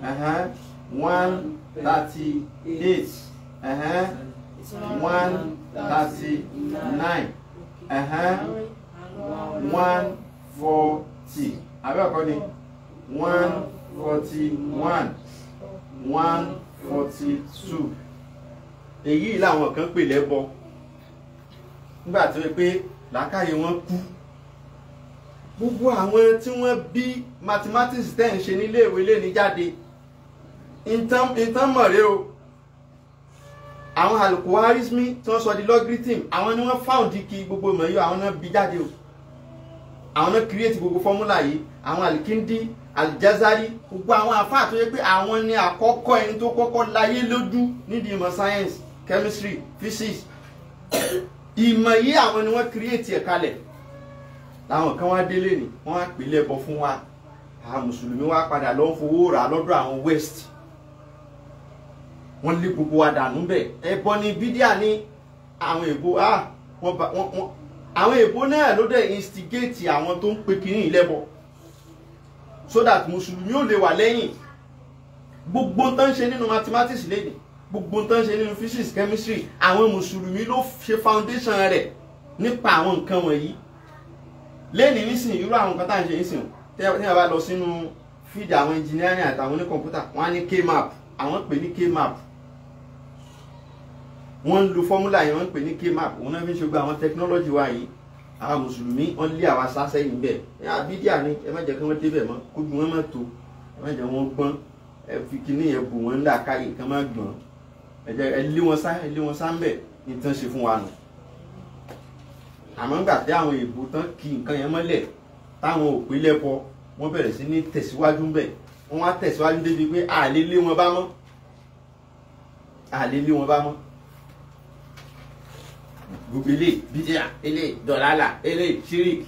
Uh huh. one thirty eight Uh huh. one thirty nine Uh huh. one forty abẹ́ẹ̀kọ́ ni one forty one one forty two èyí làwọn kan pè lẹ́bọ nígbà tó yẹ pé làákàyè wọn kú gbogbo àwọn tí wọ́n bí mathematics tẹ̀ ń ṣe níléèwé lẹ́ni jáde ìtàn mọ̀rẹ́ o àwọn alukóhárísmì tí wọ́n sọ di logarithm àwọn ni wọ́n fáwọ̀dì kí gbogbo ìmọ̀ yìí àwọn náà bí jáde o àwọn náà create gbogbo fọ́múlà yìí àwọn alikindi alijazari gbogbo àwọn àfáà tó yẹ pé àwọn ni àkọ́kọ́ ẹni tó kọ́kọ́ láyé lójú nídìí ìmọ̀ science chemistry physics ìmọ̀ yìí àwọn ni wọ́n kírètì ẹ̀ kalẹ̀ làwọn kan wá délé ni wọ́n á pèlè ẹbọ fún wa àwọn mùsùlùmí wá padà lọ fowó rà lọ́dọ̀ àwọn west wọ́n lé gbogbo wa dànù bẹ́ẹ̀ ẹbọ ni bídíà ni àwọn èbó àwọn èbó náà ló dẹ̀ instigate àwọn tó ń pe kínní ìlẹ́bọ so that mùsùlùmí ò lè wà lẹ́yìn gbogbo tó ń ṣe nínú mathematics lénìí gbogbo tó ń ṣe nínú physics chemistry àwọn mùsùlùmí ló ṣe foundation rẹ̀ nípa àwọn nǹkan wọ̀nyí lẹ́ni nísìnyí irú àwọn nǹkan tá à ń ṣe nísìnyí tí a bá lọ sínú fídì àwọn engineering àtàwọn oníkọ̀ǹpútà wọ́n á ní kmap àwọn pè ní kmap wọ́n ń lo fọ́múlà yẹn wọ́n ń pè ní kmap òun náà fi ń ṣe gba àwọn technology wa yìí àwọn mùsùlùmí wọ́n lé àwa sásẹ́ yìí bẹ́ẹ̀ abídíà ni ẹ má jẹ́ kí wọ́n débẹ̀ mọ́ kó bí wọ́n má tó ẹ má jẹ́ wọ́n gbọ́n ẹ fi kíní yẹn bù wọ́n ń dà káyè kí wọ́n má gbọ́n ẹ̀jẹ̀ ẹ lé wọn sá ẹ lé wọn sá ń bẹ̀ ní tán ṣe fún wa nù àmọ́ ńgbà tí àwọn èèbù tán kì nǹkan yẹn mọ́lẹ̀ táwọn òpè lẹ́pọ̀ wọ́n bẹ̀rẹ̀ sí ní tẹ̀síwájú bẹ̀ wọ́n wá tẹ̀síwájú débi pé àlè lé wọn bá mọ́ àlè lé wọn bá mọ́ gbogbo ilé bídíà ilé dọ̀làlà shirik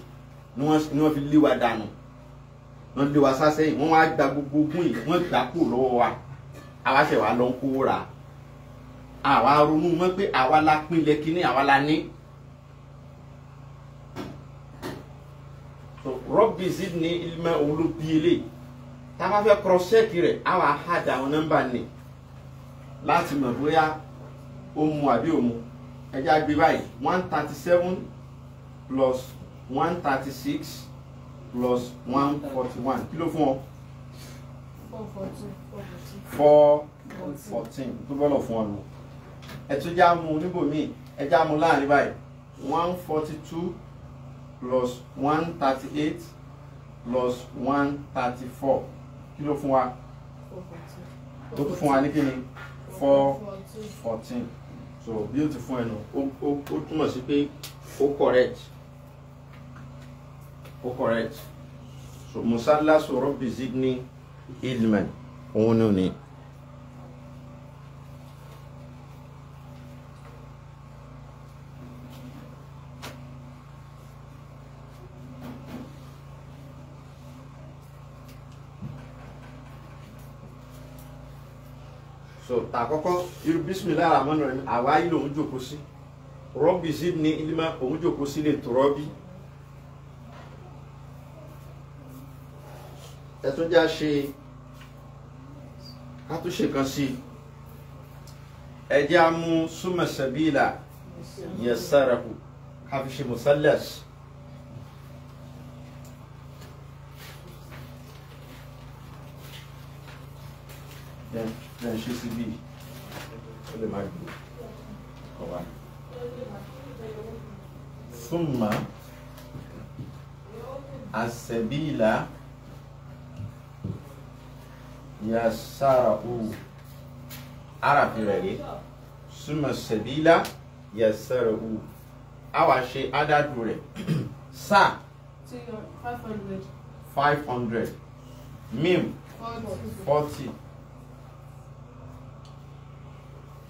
ni wọ́n fi lé wa dànù wọ́n lé wa sásẹ́yìn wọ́n wá gba gbogbo ogún yìí wọ́n gbà kú lọ́wọ́ wa àwa ṣẹ̀ wá lọ ń kó rà àwa ronú mọ́ pé àwa la pinlẹ̀ kínní àwa la ní. rọ́bì zidni ilma olùbíyelé tábà fẹ́ kọ́ṣẹ́ẹ̀kì rẹ̀ àwa àhàdà àwọn nọ́mbà ni láti mọ̀ bóyá ó mu àbí ó mu ẹ̀jẹ̀ àgbé báyìí one thirty seven plus one thirty six plus one forty one kí ló fún ọ. four fourteen. four fourteen tó bọ́lọ̀ fún ọ nù ẹtún já mu níbòmíì ẹ já mu láàrin báyìí one forty two plus one thirty eight plus one thirty four kí ló fún wa tó kún fún wa ní kíni four fourteen so bí o ti fún ẹ nù ó túmọ̀ sí pé ó correct ó correct so musalasu rabbi zidni ilman òun ni ò ní. tàkọ́kọ́ irú bisimilayi rahman rahim àwa yìí lòun jòkó sí rọ́bì sí ní ilima òun jòkó sí lè tó rọ́bì. ẹtún já ṣe kan sí ẹjẹ́ amú súnmọ̀sẹ̀bílà yẹ̀sárahu káfíṣe mùsálẹ̀sì. ń ṣe sí bíi ó lè má gbó kọ́ wa. Súnmọ́ àṣẹ̀bíìlà yasara'u arafi rẹ̀ rí súnmọ́ àṣẹ̀bíìlà yasara'u a wá ṣe ádádù rẹ̀ sáà five hundred mim forty.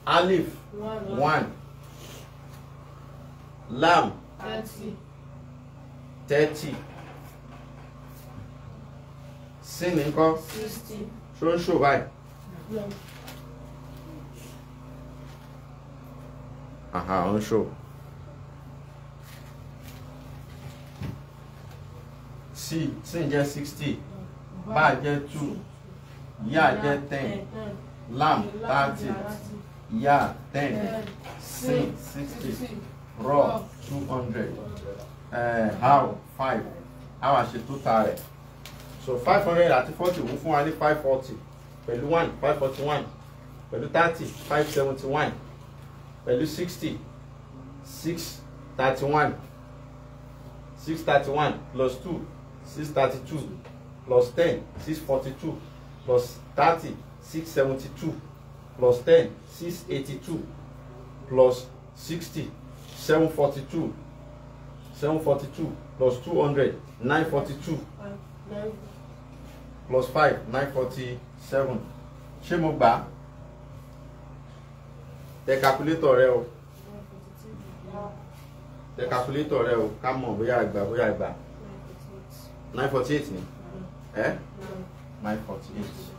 alif one lam thirty thirty, sin ńkọ́ ṣóńṣó báyìí aha ń ṣó sí sin jẹ́ sixty bá jẹ́ two yá jẹ́ ten lam thirty. Ya, ten, Si, 60. Ro, 200. Uh, how, five? How a ṣe total rẹ̀. So 500 one five forty one. wa thirty five seventy one. 541. sixty six thirty one. Six thirty one plus two six thirty two. plus ten six forty two. plus thirty six seventy two plus ten six eighty two plus sixty seven forty two seven forty two plus two hundred nine forty two plus five nine forty seven ṣé mo gbà á tẹ calculator rẹ o tẹ calculator rẹ o ká mọ̀ bóyá àgbà bóyá àgbà nine forty eight ni ẹ nine forty eight.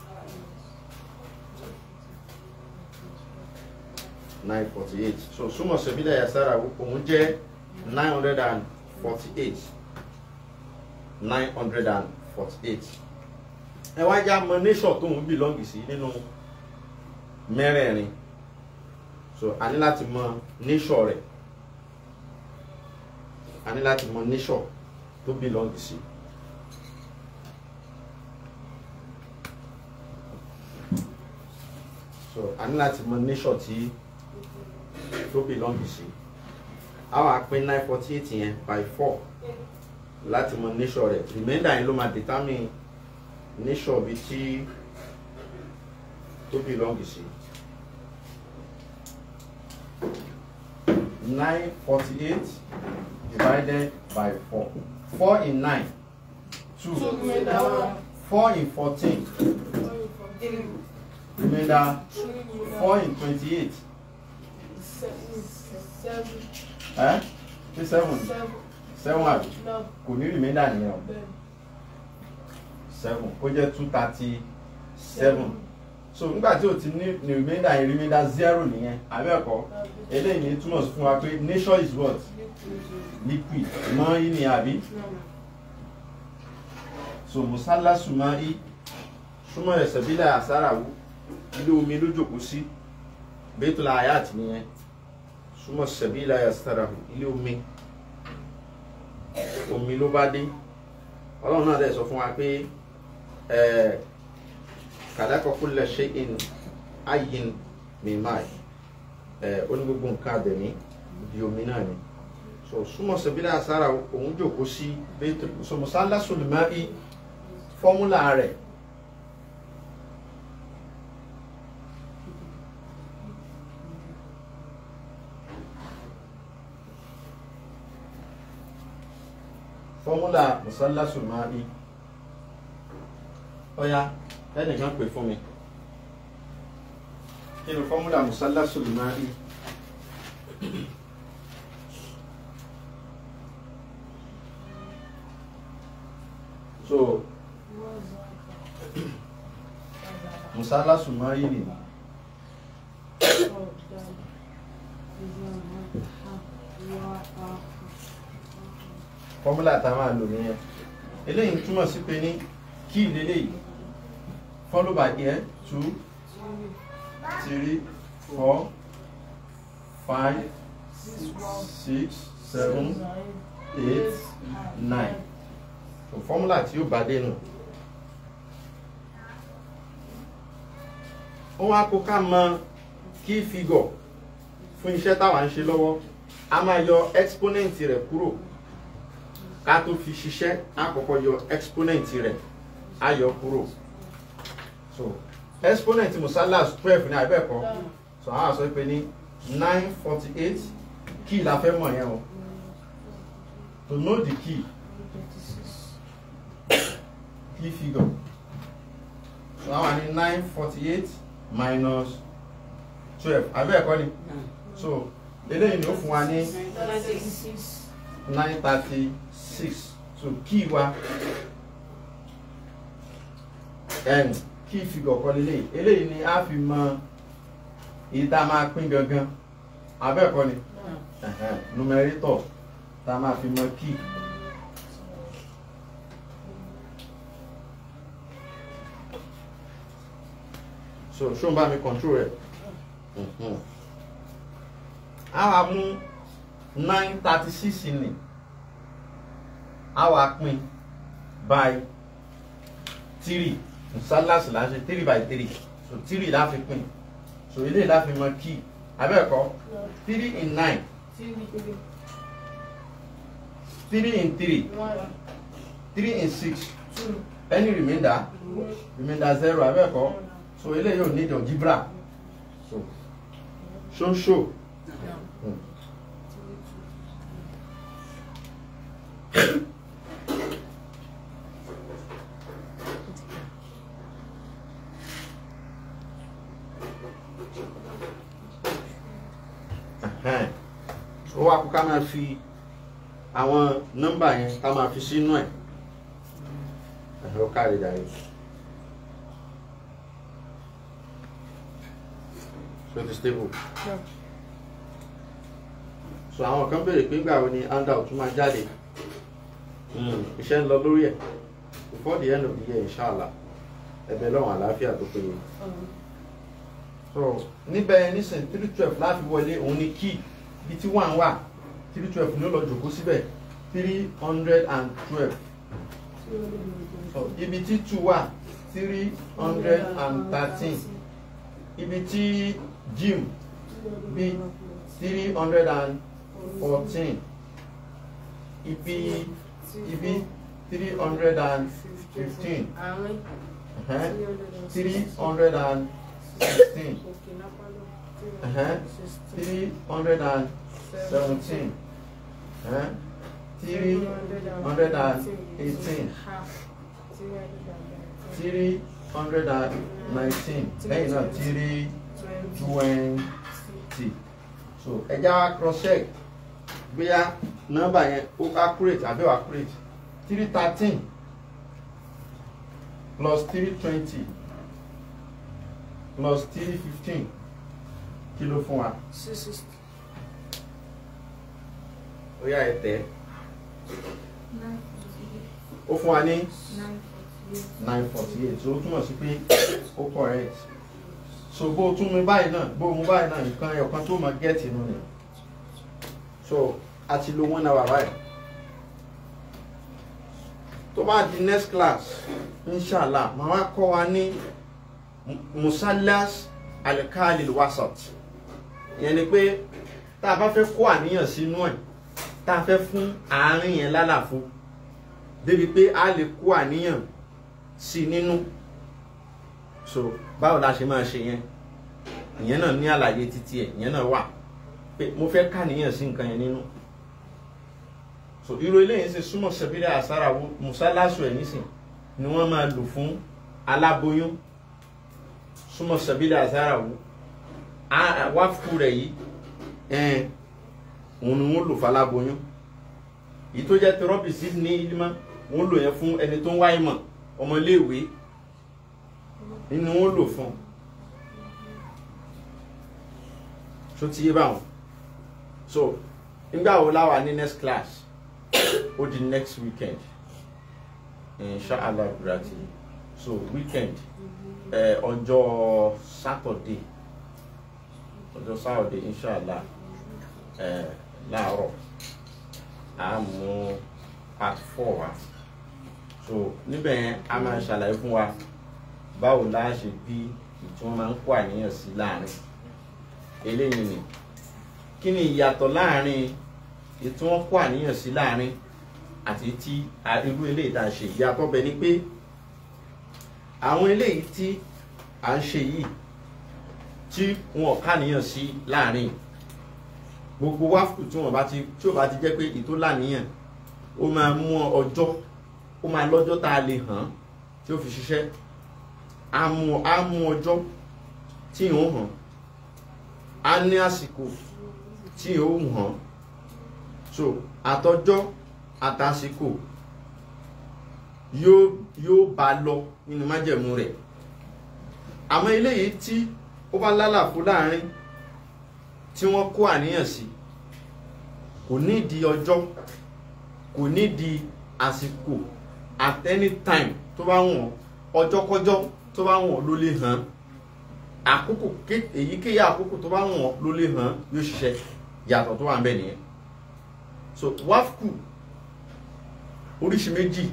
nine forty eight so súnmọ̀ sẹ̀bílà yasara òun jẹ́ nine hundred and forty eight nine hundred and forty eight ẹ wá já mọ nation tóun bìlọ́ǹgì sí nínú mẹ́rẹ̀ẹ̀rin so a ní láti mọ nation rẹ̀ a ní láti mọ nation tó bìlọ́ǹgì sí. so a ní láti mọ nation tí tó belong sí a máa pín nine forty eight yẹn by four láti mọ nature rẹ̀ remainder yẹn ló máa determine nature bíi tí tó belong sí nine forty eight divided by four four in nine two four in fourteen remainder four in twenty-eight ẹ ṣe seven seven àbí kò you rìmẹ́ndà nìyẹn o seven ó jẹ́ two thirty seven so nígbà tí o ti ní rìmẹ́ndà yẹn rìmẹ́ndà zero nìyẹn abẹ́ẹ̀kọ́ eléyìí túmọ̀ sí fún wa pé nature is what liquid mọ́ yín ni àbí so musala suma i súnmọ́ ẹ̀sẹ̀ bílẹ̀ àsára wo ilé omi lójòkó sí bẹ́tùlá ayat nìyẹn súnmọ́ sẹ̀bílà yasara ilé omi omi ló bá dé ọlọ́run náà dẹ̀ sọ fún wa pé kàdákọ̀kú lẹ̀ in ayin mìíràn ó ní gbogbo nǹkan àdẹ̀mí bí omi náà ni so súnmọ́ sẹ̀bílà yasara òun jòkó sí bẹ́tẹ̀ sọmọsálásùlùmọ́ i fọ́múlà rẹ̀. fọ́múlà mùsálásù máa bí ọ̀ya ẹnìkan pè fún mi kí ni fọ́múlà mùsálásù máa bí. so musallasumari ne fọ́múlà tá a máa lò nìyẹn eléyìí túmọ̀ sí pé ní kí ìlélẹ́yìí follow by here two three four five six seven eight nine so fọ́múlà tí yóò bá dé nù. ó wá kó ká mọ key figure fún iṣẹ́ táwa ń ṣe lọ́wọ́ a máa yọ exponent rẹ̀ kúrò ká tó fi ṣiṣẹ́ á kọ́kọ́ yọ exponent rẹ̀ á yọ kúrò so exponent musalas twelve ní abẹ́ẹ̀kọ́ so àwọn àṣọ ìpè ní nine forty eight key la fẹ́ mọ̀ yẹn o to know the key key figure so àwọn àní nine forty eight minus twelve abẹ́ẹ̀kọ́ ni so eléyìí ni ó fún wa ní nine thirty six so key wa um, key figure kọ́ lélẹ́yìí eléyìí ni a fi mọ èyí tá a máa pín gangan abẹ́ẹ̀kọ́ ni numerator tá a máa fi mọ key. so ṣó ń bá mi control rẹ̀. Mm. Mm-hmm. a wà mú nine thirty six ni a wá pín by three mùsálásì láṣẹ three by three so three la fi pín so eléyìí la fi mọ kí abẹ́ẹ̀kọ́ three in nine three in three three in six any remainder remainder zero abẹ́ẹ̀kọ́ so eléyìí ò need ìjọ jibra so ṣóṣó. So, so. fi àwọn nọ́mbà yẹn ká máa fi sínú ẹ̀ ẹ̀rọ káàrí dàrí. so ti stable. so àwọn kan béèrè pé gbàwo ni handout tún máa jáde hmm, iṣẹ́ ń lọ lórí ẹ̀ before the end of the year inshallah ẹ̀bẹ̀ lọ́wọ́n àlàáfíà tó péye. so níbẹ̀ nísìnyí three twelve láfi wọlé òun ni key bíi tí one wà three twelve ní ọlọ́ jòkó síbẹ̀ three hundred and twelve ibi tí two wà three hundred and thirteen ibi tí jim bí three hundred and fourteen ibi ibi three hundred and fifteen three hundred and sixteen three hundred and seventeen three hundred and eighteen three hundred and nineteen Then náà three twenty so ẹja wa cross check gbéyà nọ́mbà yẹn ó accurate àbí ó accurate three thirteen plus three twenty plus three fifteen kí ló fún ó yá ẹ tẹ̀ ó fún wa ní nine forty eight so ó túmọ̀ sí pé ó correct so bó o tún mi báyìí náà bó o mú báyìí náà nǹkan ẹ̀ọ̀kan tó mọ get nù ni so a ti lo one hour báyìí tó bá di next class inshallah màá wá kọ́ wa ní musalas alikali wasat ìyẹn ni pé tá a bá fẹ́ kó àníyàn sínú ẹ̀ tá a fẹ́ fún àárín yẹn lálàfo débi pé a lè kó àníyàn sí nínú so báwo la ṣe máa ṣe yẹn ìyẹn náà ní àlàyé títí ẹ̀ ìyẹn náà wà pé mo fẹ́ kàníyàn sí nǹkan yẹn nínú so irú eléyìí sì súnmọ́ sẹ́bílẹ̀ àsára mùsálásù ẹ̀ nísìn ni wọ́n máa lò fún aláboyún súnmọ́ sẹ́bílẹ̀ àsára wáfù rẹ̀ yìí òun ni wọ́n lò faláboyún èyí tó jẹ́ tẹ́rọ́pì sí ní ìdímọ́ wọ́n lò yẹn fún ẹni tó ń wá ìmọ̀ ọmọléèwé nínú wọ́n lò fún ṣó ti yé báwọn so nígbà wo láwa ní next class ó di next weekend inshallah grati so weekend ọjọ́ saturday ọjọ́ saturday inshallah. Uh, láàárọ̀ a mú part four wa so níbẹ̀ yẹn a máa ṣàlàyé fún wa báwo la ṣe bí tí wọ́n máa ń kó àníyàn sí láàrin eléyìí ni kí ni ìyàtọ̀ láàrin tí wọ́n kó àníyàn sí láàrin àti tí irú eléyìí tá a ṣe ìyàtọ̀ bẹ ni pé àwọn eléyìí tí à ń ṣe yìí tí wọn ò sí láàrin yìí gbogbo wáfù tí wọn bá ti tí ò bá ti jẹ́ pé ètò làníyàn ó máa mú ọjọ́ ó máa lọ́jọ́ tá a lè hàn tí ó fi ṣiṣẹ́ á mú ọjọ́ tí ì hàn á ní àsìkò tí ì hàn so àtọjọ́ àtàsìkò yóò yóò bá lọ nínú májẹ̀mú rẹ̀ àmọ́ eléyìí tí ó bá lálàfo láàrin tí wọ́n kó àníyàn sí kò nídìí ọjọ́ kò nídìí àsìkò at any time tó bá wọ̀n ọjọ́kọ́jọ́ tó bá wọ̀n ló lè hàn àkókò èyíkéyà àkókò tó bá wọ̀n ló lè hàn yóò ṣiṣẹ́ yàtọ̀ tó wà ń bẹ nìyẹn so wafku oríṣi méjì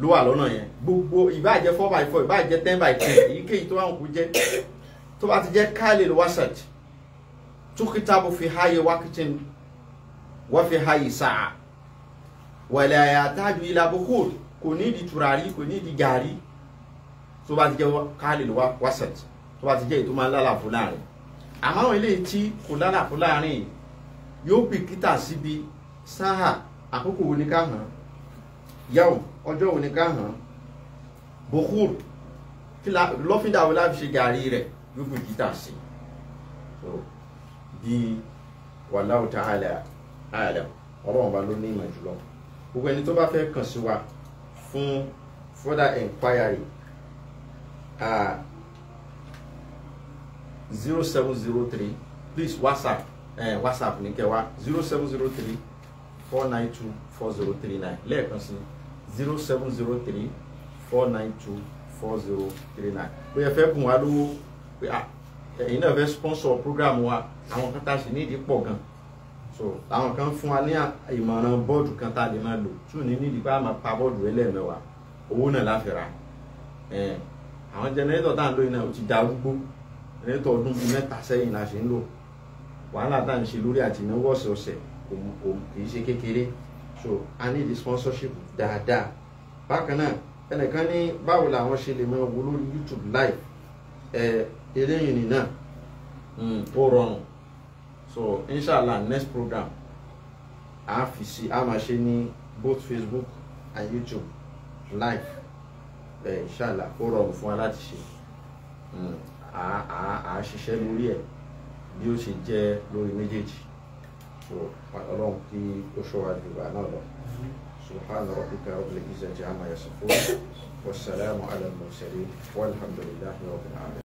ló wà lọ́nà yẹn gbogbo ìbáàjẹ́ four by four ìbáàjẹ́ ten by ten èyíkéyìí tó bá wọ̀n kó jẹ́ tó bá ti jẹ́ káàlè lọ́wọ́ tu khitabu fi hayi waqtin wa fi hayi sa'a wala yataju ila bukhur kò ní di turari kò ní di gàrí tó bá ti jẹ́ khalil wasat tó bá ti jẹ́ ètò máa lálàfo láàrin àmọ́ àwọn eléyìí tí kò lálàfo láàrin yóò bìkítà síbi sáà àkókò wo ni ká hàn yàwó ọjọ́ wo ni ká hàn bukhur lọ́fíńdà wo láti ṣe gàrí rẹ̀ yóò bìkítà sí i yìí wallahu ta'ala a'lam ọlọ́run bá ló ní ìmọ̀ jùlọ gbogbo ẹni tó bá fẹ́ kàn sí wa fún further inquiry zero seven zero three please whatsapp eh, whatsapp ní kẹwa zero seven zero three four nine two four zero three nine lẹ́ẹ̀kan sí zero seven zero three four nine two four zero three nine bóyá fẹ́ kùn wá lówó pé ẹ̀yin náà fẹ́ sponsor program wa àwọn kan tá a sì nídìí pọ̀ gan so àwọn kan fún wa ní ìmọ̀ràn bọ́ọ̀dù kan tá a lè máa lò tí ò ní nídìí pé a máa pa bọ́ọ̀dù ẹlẹ́mẹ̀wá owó náà láfi ra àwọn jẹnẹrétọ̀ tá à ń lò yìí náà ó ti darúgbó jẹnẹrétọ̀ ọdún bíi mẹ́ta sẹ́yìn la ṣe ń lò wàhálà tá à ń ṣe lórí àti ìnáwó ọ̀sẹ̀ọ̀sẹ̀ kì í ṣe kékeré so a need sponsorship dáadáa bákan náà ẹnìkan ní báwo làwọn ṣe lè máa wo lórí YouTube live ẹ eléyìí nìyẹn náà hmm, ó rọrùn so inshallah next program a fi sí a máa ṣe ní both Facebook and YouTube live ẹ inshallah kó rọrùn fún wa láti ṣe hmm, a, à à ṣiṣẹ́ lórí ẹ̀ bí ó ṣe jẹ́ lórí méjèèjì so ọlọ́run kí ó ṣọ́wá ju ìgbà náà lọ subhana rabbika rabbil izzati amma yasifun wassalamu ala al-mursalin walhamdulillahi rabbil alamin.